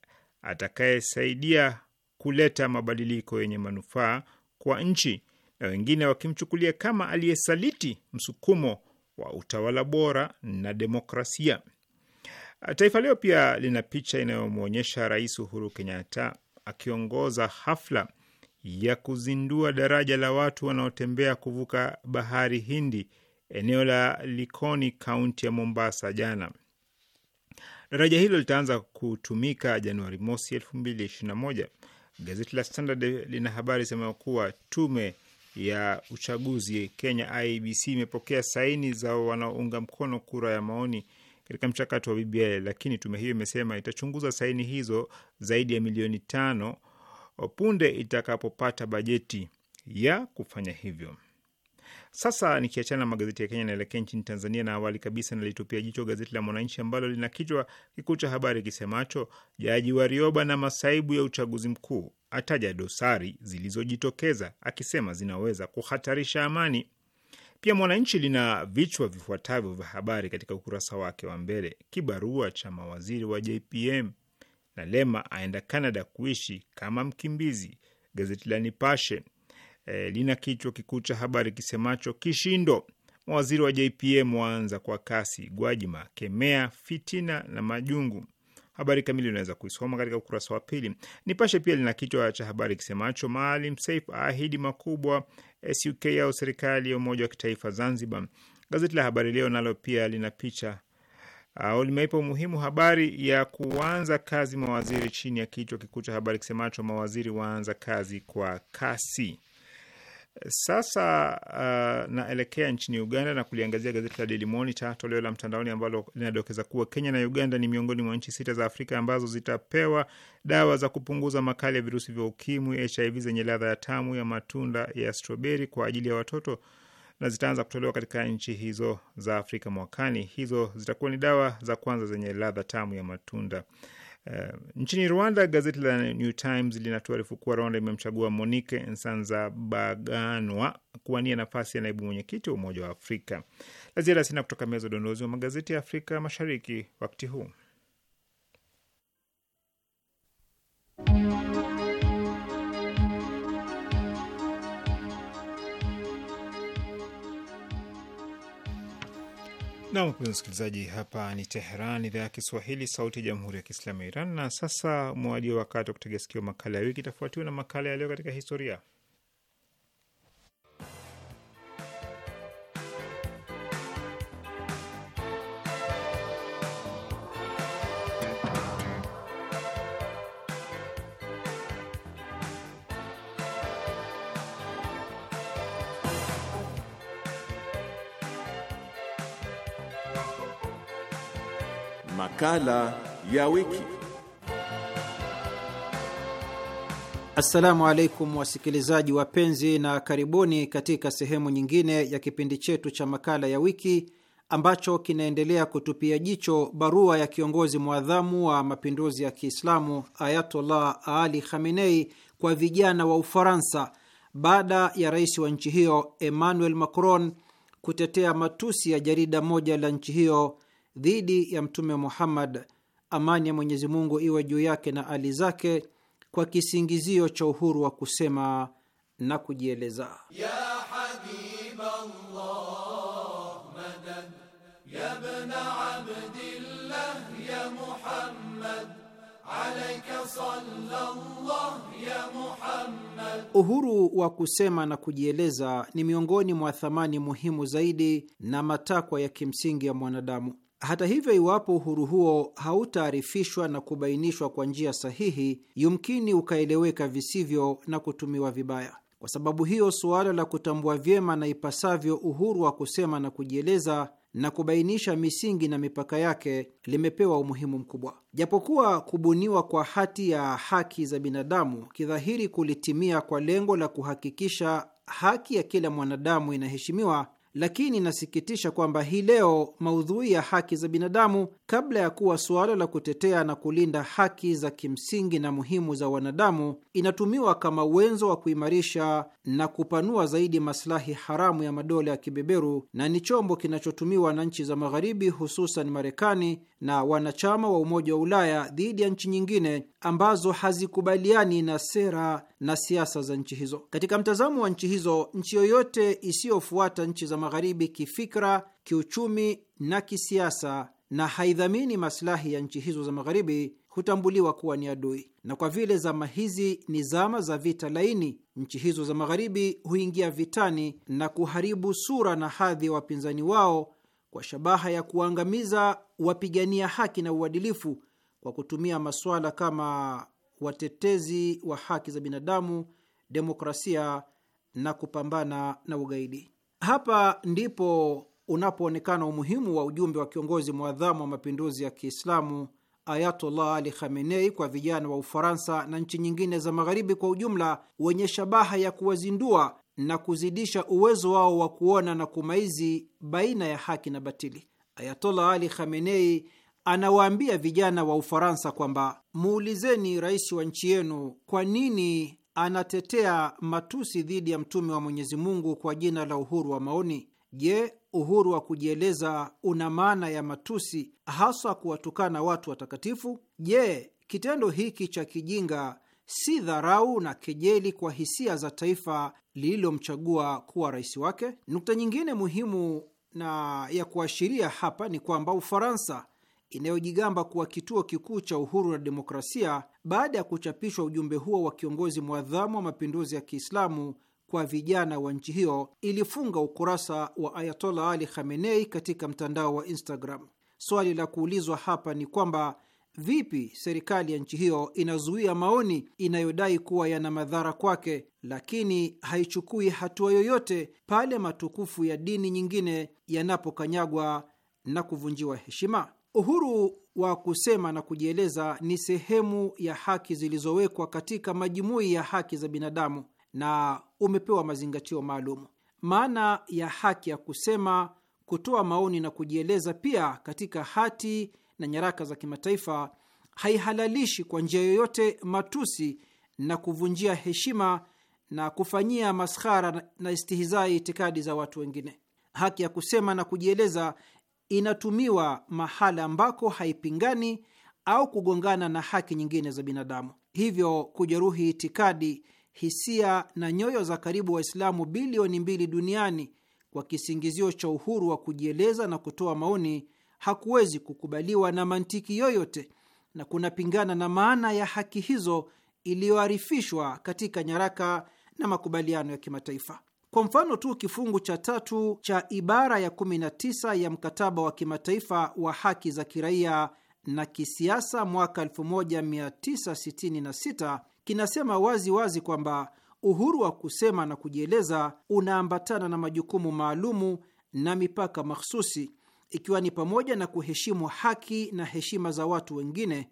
atakayesaidia kuleta mabadiliko yenye manufaa kwa nchi na wengine wakimchukulia kama aliyesaliti msukumo wa utawala bora na demokrasia. Taifa Leo pia lina picha inayomwonyesha Rais Uhuru Kenyatta akiongoza hafla ya kuzindua daraja la watu wanaotembea kuvuka bahari Hindi eneo la Likoni, kaunti ya Mombasa jana. Daraja hilo litaanza kutumika Januari mosi 221 Gazeti la Standard lina habari sema kuwa tume ya uchaguzi Kenya IBC e imepokea saini za wanaounga mkono kura ya maoni katika mchakato wa BBI, lakini tume hiyo imesema itachunguza saini hizo zaidi ya milioni tano punde itakapopata bajeti ya kufanya hivyo. Sasa nikiachana na magazeti ya Kenya naelekea nchini Tanzania, na awali kabisa nalitupia jicho gazeti la Mwananchi ambalo lina kichwa kikuu cha habari kisemacho Jaji Warioba na masaibu ya uchaguzi mkuu, ataja dosari zilizojitokeza akisema zinaweza kuhatarisha amani. Pia Mwananchi lina vichwa vifuatavyo vya habari katika ukurasa wake wa mbele: kibarua cha mawaziri wa JPM na Lema aenda Canada kuishi kama mkimbizi. Gazeti la Nipashe e, lina kichwa kikuu cha habari kisemacho kishindo, mawaziri wa JPM waanza kwa kasi, Gwajima kemea fitina na majungu. Habari kamili unaweza kuisoma katika ukurasa wa pili. Nipashe pia lina kichwa cha habari kisemacho Maalim Seif aahidi makubwa SUK au serikali ya umoja wa kitaifa Zanzibar. Gazeti la Habari Leo nalo pia lina picha au limeipa umuhimu habari ya kuanza kazi mawaziri chini ya kichwa kikuu cha habari kisemacho mawaziri waanza kazi kwa kasi. Sasa uh, naelekea nchini Uganda na kuliangazia gazeti la Daily Monitor toleo la mtandaoni ambalo linadokeza kuwa Kenya na Uganda ni miongoni mwa nchi sita za Afrika ambazo zitapewa dawa za kupunguza makali ya virusi vya ukimwi HIV zenye ladha ya tamu ya matunda ya stroberi kwa ajili ya watoto na zitaanza kutolewa katika nchi hizo za Afrika mwakani. Hizo zitakuwa ni dawa za kwanza zenye ladha tamu ya matunda Uh, nchini Rwanda gazeti la New Times linatuarifu kuwa Rwanda imemchagua Monique Nsanzabaganwa kuwania nafasi ya naibu mwenyekiti wa Umoja wa Afrika. La ziada sina kutoka meza udondozi wa magazeti ya Afrika Mashariki wakati huu. Na wapenzi msikilizaji, hapa ni Teheran, idhaa ya Kiswahili, sauti ya jamhuri ya kiislamu ya Iran. Na sasa mwaji wakati wa kutegea sikio makala ya wiki, itafuatiwa na makala ya leo katika historia Makala ya wiki. Assalamu alaikum wasikilizaji wapenzi, na karibuni katika sehemu nyingine ya kipindi chetu cha makala ya wiki ambacho kinaendelea kutupia jicho barua ya kiongozi mwadhamu wa mapinduzi ya Kiislamu Ayatollah Ali Khamenei kwa vijana wa Ufaransa baada ya rais wa nchi hiyo Emmanuel Macron kutetea matusi ya jarida moja la nchi hiyo dhidi ya Mtume Muhammad, amani ya Mwenyezi Mungu iwe juu yake na ali zake, kwa kisingizio cha uhuru wa kusema na kujieleza ya ya abdillah, ya Muhammad, alayka ya Muhammad. Uhuru wa kusema na kujieleza ni miongoni mwa thamani muhimu zaidi na matakwa ya kimsingi ya mwanadamu. Hata hivyo, iwapo uhuru huo hautaarifishwa na kubainishwa kwa njia sahihi, yumkini ukaeleweka visivyo na kutumiwa vibaya. Kwa sababu hiyo, suala la kutambua vyema na ipasavyo uhuru wa kusema na kujieleza na kubainisha misingi na mipaka yake limepewa umuhimu mkubwa. Japokuwa kubuniwa kwa hati ya haki za binadamu kidhahiri kulitimia kwa lengo la kuhakikisha haki ya kila mwanadamu inaheshimiwa, lakini inasikitisha kwamba hii leo maudhui ya haki za binadamu, kabla ya kuwa suala la kutetea na kulinda haki za kimsingi na muhimu za wanadamu, inatumiwa kama wenzo wa kuimarisha na kupanua zaidi masilahi haramu ya madola ya kibeberu na ni chombo kinachotumiwa na nchi za Magharibi, hususan Marekani na wanachama wa Umoja wa Ulaya dhidi ya nchi nyingine ambazo hazikubaliani na sera na siasa za nchi hizo. Katika mtazamo wa nchi hizo, nchi yoyote isiyofuata nchi za Magharibi kifikra, kiuchumi na kisiasa na haidhamini masilahi ya nchi hizo za Magharibi hutambuliwa kuwa ni adui. Na kwa vile zama hizi ni zama za vita laini, nchi hizo za Magharibi huingia vitani na kuharibu sura na hadhi ya wapinzani wao kwa shabaha ya kuwaangamiza wapigania haki na uadilifu kwa kutumia masuala kama watetezi wa haki za binadamu, demokrasia na kupambana na ugaidi. Hapa ndipo unapoonekana umuhimu wa ujumbe wa kiongozi mwadhamu wa mapinduzi ya Kiislamu Ayatollah Ali Khamenei kwa vijana wa Ufaransa na nchi nyingine za Magharibi kwa ujumla, wenye shabaha ya kuwazindua na kuzidisha uwezo wao wa kuona na kumaizi baina ya haki na batili. Ayatollah Ali Khamenei anawaambia vijana wa Ufaransa kwamba muulizeni rais wa nchi yenu kwa nini anatetea matusi dhidi ya mtume wa Mwenyezi Mungu kwa jina la uhuru wa maoni. Je, uhuru wa kujieleza una maana ya matusi, haswa kuwatukana watu watakatifu? Je, kitendo hiki cha kijinga si dharau na kejeli kwa hisia za taifa lililomchagua kuwa rais wake. Nukta nyingine muhimu na ya kuashiria hapa ni kwamba Ufaransa inayojigamba kuwa kituo kikuu cha uhuru na demokrasia, baada ya kuchapishwa ujumbe huo wa kiongozi mwadhamu wa mapinduzi ya Kiislamu kwa vijana wa nchi hiyo, ilifunga ukurasa wa Ayatollah Ali Khamenei katika mtandao wa Instagram. Swali la kuulizwa hapa ni kwamba Vipi serikali ya nchi hiyo inazuia maoni inayodai kuwa yana madhara kwake, lakini haichukui hatua yoyote pale matukufu ya dini nyingine yanapokanyagwa na kuvunjiwa heshima? Uhuru wa kusema na kujieleza ni sehemu ya haki zilizowekwa katika majumui ya haki za binadamu na umepewa mazingatio maalum. Maana ya haki ya kusema, kutoa maoni na kujieleza pia katika hati na nyaraka za kimataifa haihalalishi kwa njia yoyote matusi na kuvunjia heshima na kufanyia maskhara na istihizai itikadi za watu wengine. Haki ya kusema na kujieleza inatumiwa mahala ambako haipingani au kugongana na haki nyingine za binadamu, hivyo kujeruhi itikadi, hisia na nyoyo za karibu Waislamu bilioni mbili duniani kwa kisingizio cha uhuru wa kujieleza na kutoa maoni hakuwezi kukubaliwa na mantiki yoyote na kunapingana na maana ya haki hizo iliyoarifishwa katika nyaraka na makubaliano ya kimataifa. Kwa mfano tu, kifungu cha tatu cha ibara ya 19 ya mkataba wa kimataifa wa haki za kiraia na kisiasa mwaka 1966 kinasema wazi wazi kwamba uhuru wa kusema na kujieleza unaambatana na majukumu maalumu na mipaka mahsusi ikiwa ni pamoja na kuheshimu haki na heshima za watu wengine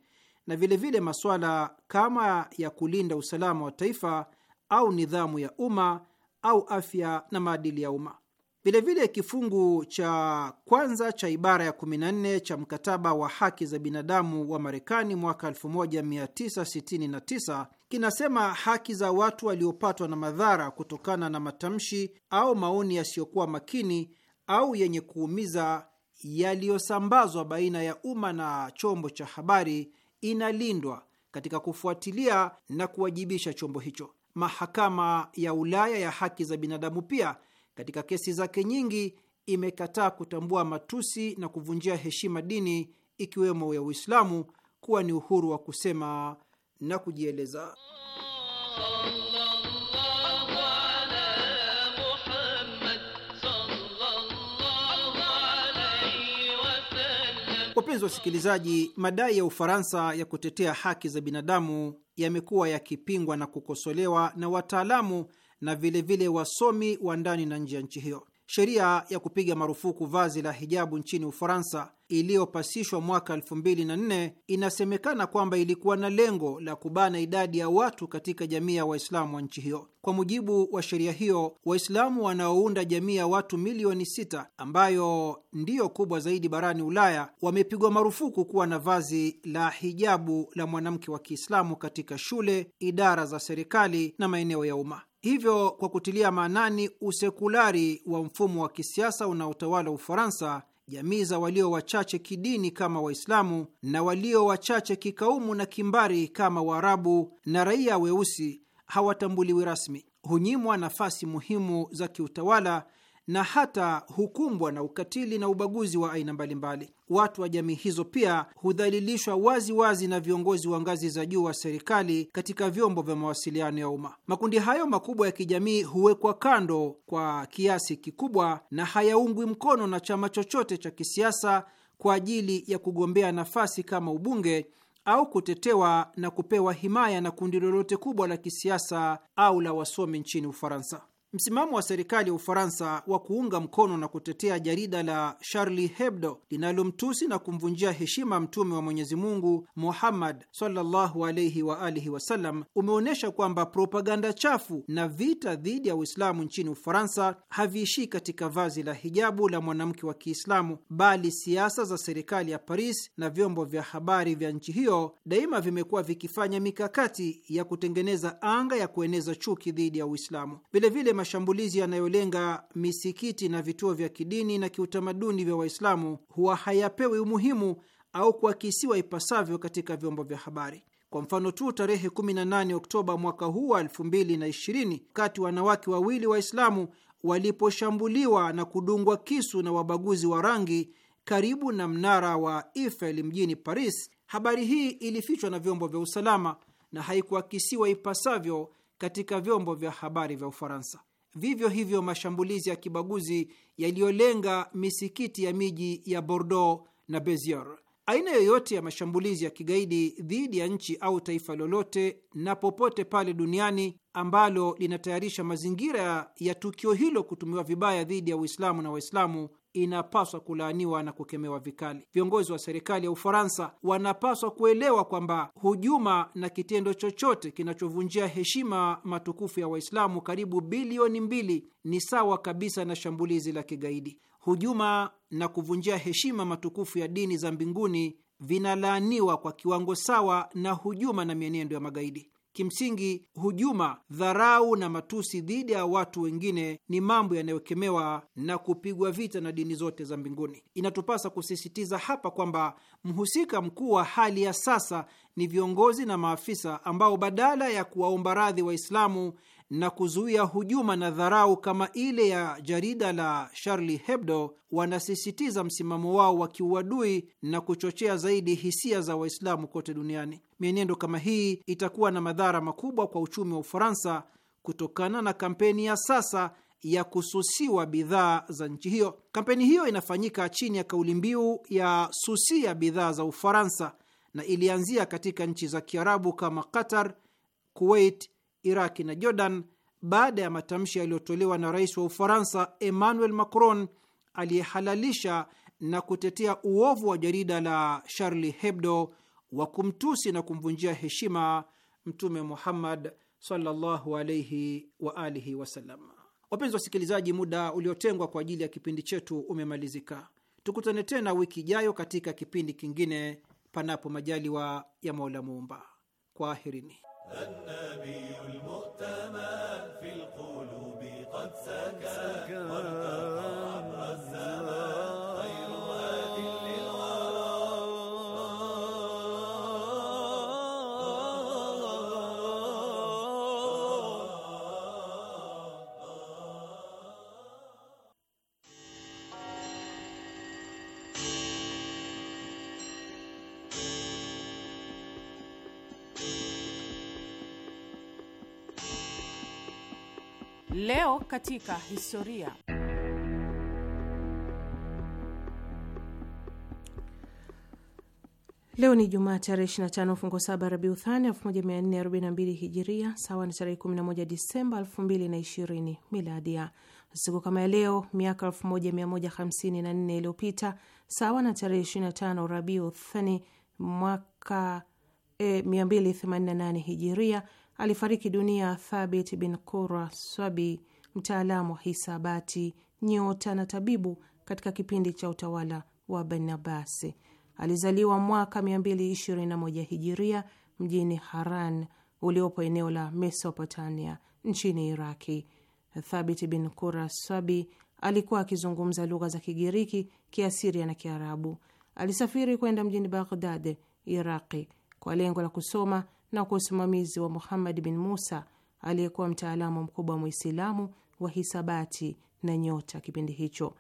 na vilevile vile masuala kama ya kulinda usalama wa taifa au nidhamu ya umma au afya na maadili ya umma. Vilevile kifungu cha kwanza cha ibara ya 14 cha mkataba wa haki za binadamu wa Marekani mwaka 1969 kinasema haki za watu waliopatwa na madhara kutokana na matamshi au maoni yasiyokuwa makini au yenye kuumiza yaliyosambazwa baina ya umma na chombo cha habari inalindwa katika kufuatilia na kuwajibisha chombo hicho. Mahakama ya Ulaya ya haki za binadamu pia katika kesi zake nyingi imekataa kutambua matusi na kuvunjia heshima dini ikiwemo ya Uislamu kuwa ni uhuru wa kusema na kujieleza. Wapenzi wasikilizaji, madai ya Ufaransa ya kutetea haki za binadamu yamekuwa yakipingwa na kukosolewa na wataalamu na vilevile vile wasomi wa ndani na nje ya nchi hiyo. Sheria ya kupiga marufuku vazi la hijabu nchini Ufaransa iliyopasishwa mwaka 2004 inasemekana kwamba ilikuwa na lengo la kubana idadi ya watu katika jamii ya Waislamu wa nchi hiyo. Kwa mujibu wa sheria hiyo, Waislamu wanaounda jamii ya watu milioni sita ambayo ndiyo kubwa zaidi barani Ulaya wamepigwa marufuku kuwa na vazi la hijabu la mwanamke wa Kiislamu katika shule, idara za serikali na maeneo ya umma. Hivyo, kwa kutilia maanani usekulari wa mfumo wa kisiasa unaotawala Ufaransa, jamii za walio wachache kidini kama Waislamu na walio wachache kikaumu na kimbari kama Waarabu na raia weusi hawatambuliwi rasmi, hunyimwa nafasi muhimu za kiutawala na hata hukumbwa na ukatili na ubaguzi wa aina mbalimbali watu wa jamii hizo pia hudhalilishwa wazi wazi na viongozi wa ngazi za juu wa serikali katika vyombo vya mawasiliano ya umma. Makundi hayo makubwa ya kijamii huwekwa kando kwa kiasi kikubwa na hayaungwi mkono na chama chochote cha kisiasa kwa ajili ya kugombea nafasi kama ubunge au kutetewa na kupewa himaya na kundi lolote kubwa la kisiasa au la wasomi nchini Ufaransa. Msimamo wa serikali ya Ufaransa wa kuunga mkono na kutetea jarida la Charlie Hebdo linalomtusi na kumvunjia heshima mtume wa Mwenyezi Mungu Muhammad sallallahu alaihi wa alihi wasallam umeonyesha kwamba propaganda chafu na vita dhidi ya Uislamu nchini Ufaransa haviishii katika vazi la hijabu la mwanamke wa Kiislamu, bali siasa za serikali ya Paris na vyombo vya habari vya nchi hiyo daima vimekuwa vikifanya mikakati ya kutengeneza anga ya kueneza chuki dhidi ya Uislamu. Vilevile mashambulizi yanayolenga misikiti na vituo vya kidini na kiutamaduni vya Waislamu huwa hayapewi umuhimu au kuakisiwa ipasavyo katika vyombo vya habari. Kwa mfano tu, tarehe 18 Oktoba mwaka huu wa 2020 wakati wanawake wawili Waislamu waliposhambuliwa na kudungwa kisu na wabaguzi wa rangi karibu na mnara wa Eiffel mjini Paris, habari hii ilifichwa na vyombo vya usalama na haikuakisiwa ipasavyo katika vyombo vya habari vya Ufaransa. Vivyo hivyo mashambulizi ya kibaguzi yaliyolenga misikiti ya miji ya Bordeaux na Bezier. Aina yoyote ya mashambulizi ya kigaidi dhidi ya nchi au taifa lolote na popote pale duniani ambalo linatayarisha mazingira ya tukio hilo kutumiwa vibaya dhidi ya Uislamu na Waislamu inapaswa kulaaniwa na kukemewa vikali. Viongozi wa serikali ya Ufaransa wanapaswa kuelewa kwamba hujuma na kitendo chochote kinachovunjia heshima matukufu ya Waislamu karibu bilioni mbili ni sawa kabisa na shambulizi la kigaidi. Hujuma na kuvunjia heshima matukufu ya dini za mbinguni vinalaaniwa kwa kiwango sawa na hujuma na mienendo ya magaidi. Kimsingi, hujuma, dharau na matusi dhidi ya watu wengine ni mambo yanayokemewa na kupigwa vita na dini zote za mbinguni. Inatupasa kusisitiza hapa kwamba mhusika mkuu wa hali ya sasa ni viongozi na maafisa ambao badala ya kuwaomba radhi Waislamu na kuzuia hujuma na dharau kama ile ya jarida la Charlie Hebdo, wanasisitiza msimamo wao wa kiuadui na kuchochea zaidi hisia za Waislamu kote duniani mienendo kama hii itakuwa na madhara makubwa kwa uchumi wa Ufaransa kutokana na kampeni ya sasa ya kususiwa bidhaa za nchi hiyo. Kampeni hiyo inafanyika chini ya kauli mbiu ya susia bidhaa za Ufaransa na ilianzia katika nchi za Kiarabu kama Qatar, Kuwait, Iraki na Jordan baada ya matamshi yaliyotolewa na rais wa Ufaransa Emmanuel Macron aliyehalalisha na kutetea uovu wa jarida la Charlie Hebdo wa kumtusi na kumvunjia heshima Mtume Muhammad sallallahu alaihi wa alihi wasallam. Wapenzi wasikilizaji, muda uliotengwa kwa ajili ya kipindi chetu umemalizika. Tukutane tena wiki ijayo katika kipindi kingine, panapo majaliwa ya Mola Muumba. Kwaherini. Leo katika historia. Leo ni Jumaa tarehe 25 7 saba Rabiuthani 1442 Hijiria, sawa na tarehe 11 Disemba 2020 Miladia. Siku kama ya leo miaka 1154 iliyopita, sawa na tarehe 25 Rabiu Thani mwaka eh, e, 288 Hijiria, alifariki dunia Thabit bin Qura Swabi, mtaalamu wa hisabati, nyota na tabibu katika kipindi cha utawala wa Bani Abbas. Alizaliwa mwaka 221 hijiria mjini Haran uliopo eneo la Mesopotamia nchini Iraki. Thabit bin Qura Swabi alikuwa akizungumza lugha za Kigiriki, Kiasiria na Kiarabu. Alisafiri kwenda mjini Baghdad, Iraqi, kwa lengo la kusoma na kwa usimamizi wa Muhammad bin Musa aliyekuwa mtaalamu mkubwa wa Mwislamu wa hisabati na nyota kipindi hicho.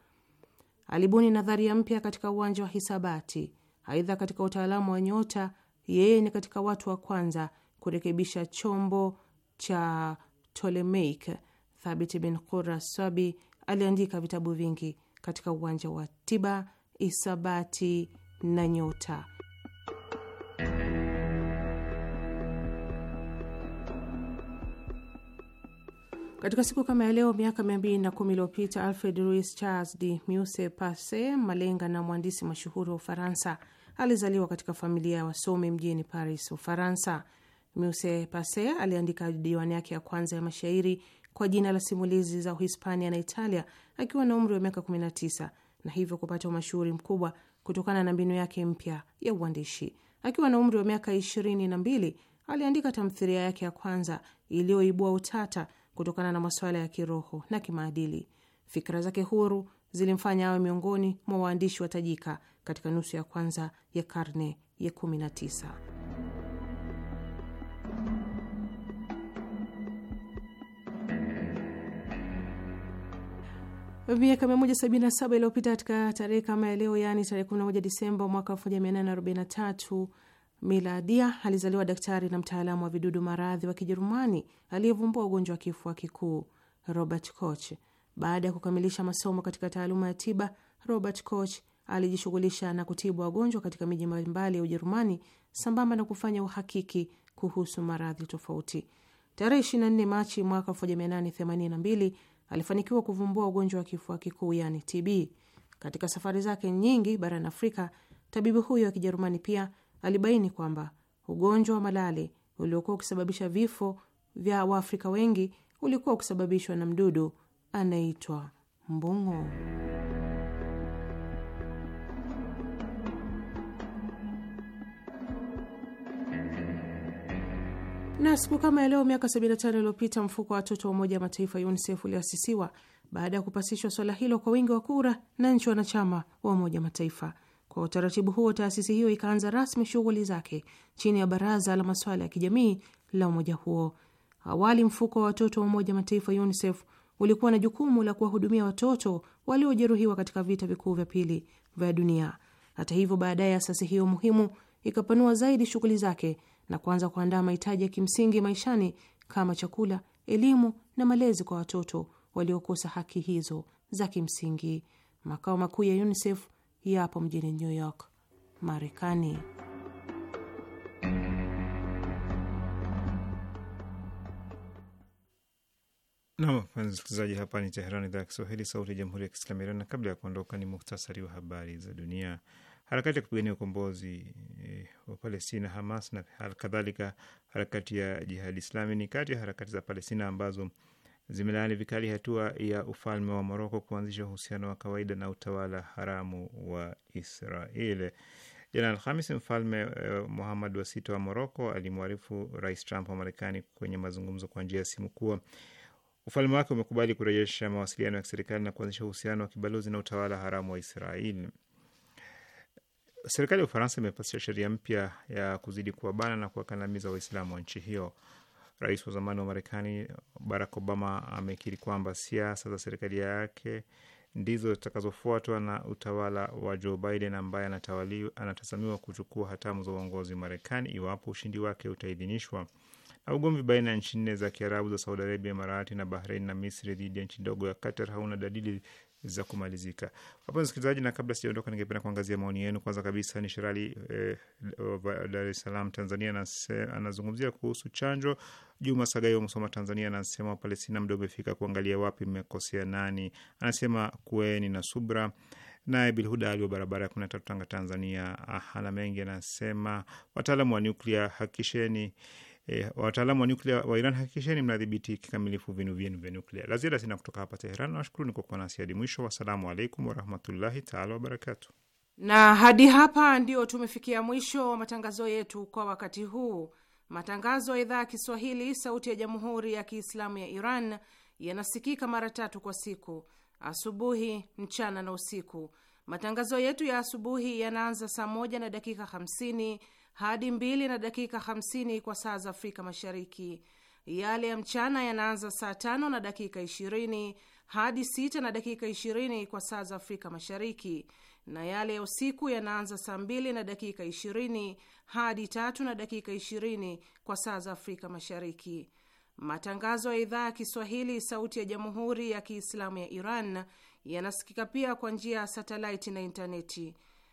Alibuni nadharia mpya katika uwanja wa hisabati. Aidha, katika utaalamu wa nyota, yeye ni katika watu wa kwanza kurekebisha chombo cha Ptolemaic. Thabit bin Qura Sabi aliandika vitabu vingi katika uwanja wa tiba, hisabati na nyota. Katika siku kama ya leo miaka mia mbili na kumi iliyopita Alfred Louis Charles de Muse Passe, malenga na mwandisi mashuhuri wa Ufaransa, alizaliwa katika familia ya wasomi mjini Paris, Ufaransa. Muse Passe aliandika diwani yake ya kwanza ya mashairi kwa jina la Simulizi za Uhispania na Italia akiwa na umri wa miaka 19 na hivyo kupata umashuhuri mkubwa kutokana na mbinu yake mpya ya uandishi. Akiwa na umri wa miaka ishirini na mbili aliandika tamthiria yake ya kwanza iliyoibua utata kutokana na masuala ya kiroho na kimaadili. Fikra zake huru zilimfanya awe miongoni mwa waandishi wa tajika katika nusu ya kwanza ya karne ya 19. Miaka 177 iliyopita katika tarehe kama ya leo, yaani tarehe 11 Disemba mwaka miladia alizaliwa daktari na mtaalamu wa vidudu maradhi wa Kijerumani aliyevumbua ugonjwa wa kifua kikuu Robert Koch. Baada ya kukamilisha masomo katika taaluma ya tiba, Robert Koch alijishughulisha na kutibu wagonjwa katika miji mbalimbali ya Ujerumani sambamba na kufanya uhakiki kuhusu maradhi tofauti. Tarehe 24 Machi mwaka 1882 alifanikiwa kuvumbua ugonjwa wa kifua kikuu yani TB. Katika safari zake nyingi barani Afrika, tabibu huyo wa Kijerumani pia alibaini kwamba ugonjwa wa malale uliokuwa ukisababisha vifo vya Waafrika wengi ulikuwa ukisababishwa na mdudu anaitwa mbung'o. Na siku kama leo miaka 75 iliyopita mfuko wa watoto wa Umoja wa Mataifa UNICEF uliasisiwa baada ya kupasishwa swala hilo kwa wingi wa kura na nchi wanachama wa Umoja wa Mataifa. Kwa utaratibu huo, taasisi hiyo ikaanza rasmi shughuli zake chini ya baraza la masuala ya kijamii la umoja huo. Awali, mfuko wa watoto wa Umoja Mataifa UNICEF ulikuwa na jukumu la kuwahudumia watoto waliojeruhiwa katika vita vikuu vya pili vya dunia. Hata hivyo, baadaye asasi hiyo muhimu ikapanua zaidi shughuli zake na kuanza kuandaa mahitaji ya kimsingi maishani kama chakula, elimu na malezi kwa watoto waliokosa haki hizo za kimsingi. Makao makuu ya UNICEF yapo mjini New York, Marekani. Nam, wapenzi hapa ni Teheran, idhaa ya Kiswahili, sauti ya jamhuri ya kiislamu Iran. Na kabla ya kuondoka, ni muhtasari wa habari za dunia. Harakati ya kupigania ukombozi e, wa Palestina, Hamas, na kadhalika harakati ya Jihadi Islami ni kati ya harakati za Palestina ambazo zimelaani vikali hatua ya ufalme wa Moroko kuanzisha uhusiano wa kawaida na utawala haramu wa israel Jana Alhamis, mfalme eh, Muhamad wa sita wa Moroko alimwarifu Rais Trump wa Marekani kwenye mazungumzo kwa njia ya simu kuwa ufalme wake umekubali kurejesha mawasiliano ya kiserikali na kuanzisha uhusiano wa kibalozi na utawala haramu wa israel Serikali ya Ufaransa imepasisha sheria mpya ya kuzidi kuwabana na kuwakandamiza Waislamu wa nchi hiyo. Rais wa zamani wa Marekani Barack Obama amekiri kwamba siasa za serikali yake ndizo zitakazofuatwa na utawala wa Joe Biden ambaye anatazamiwa kuchukua hatamu za uongozi Marekani iwapo ushindi wake utaidhinishwa. Na ugomvi baina ya nchi nne za Kiarabu za Saudi Arabia, Imarati na Bahrain na Misri dhidi ya nchi ndogo ya Qatar hauna dalili za kumalizika. Wapenzi wasikilizaji, na kabla sijaondoka, ningependa kuangazia maoni yenu. Kwanza kabisa ni Sherali eh, Dar es Salaam, Tanzania, nase, anazungumzia kuhusu chanjo. Juma Sagai wa Musoma, Tanzania, anasema Wapalestina mdo umefika kuangalia wapi mmekosea nani. Anasema kueni na subra. Naye Bilhuda Ali wa barabara ya kumi na tatu Tanga, Tanzania, ahana ah, mengi, anasema wataalamu wa nuklia hakikisheni e, wataalamu wa nyuklia wa Iran, hakikisheni mnadhibiti kikamilifu vinu vyenu vya nyuklia. La ziada sina kutoka hapa Teheran. Nawashukuruni kwa kuwa nasi hadi mwisho. Wassalamu alaikum warahmatullahi taala wabarakatu. Na hadi hapa ndio tumefikia mwisho wa matangazo yetu kwa wakati huu. Matangazo ya idhaa ya Kiswahili sauti ya jamhuri ya Kiislamu ya Iran yanasikika mara tatu kwa siku: asubuhi, mchana na usiku. Matangazo yetu ya asubuhi yanaanza saa moja na dakika hamsini hadi mbili na dakika hamsini kwa saa za Afrika Mashariki. Yale ya mchana yanaanza saa tano na dakika ishirini hadi sita na dakika ishirini kwa saa za Afrika Mashariki, na yale ya usiku yanaanza saa mbili na dakika ishirini hadi tatu na dakika ishirini kwa saa za Afrika Mashariki. Matangazo ya idhaa ya Kiswahili sauti ya Jamhuri ya Kiislamu ya Iran yanasikika pia kwa njia ya satelaiti na intaneti.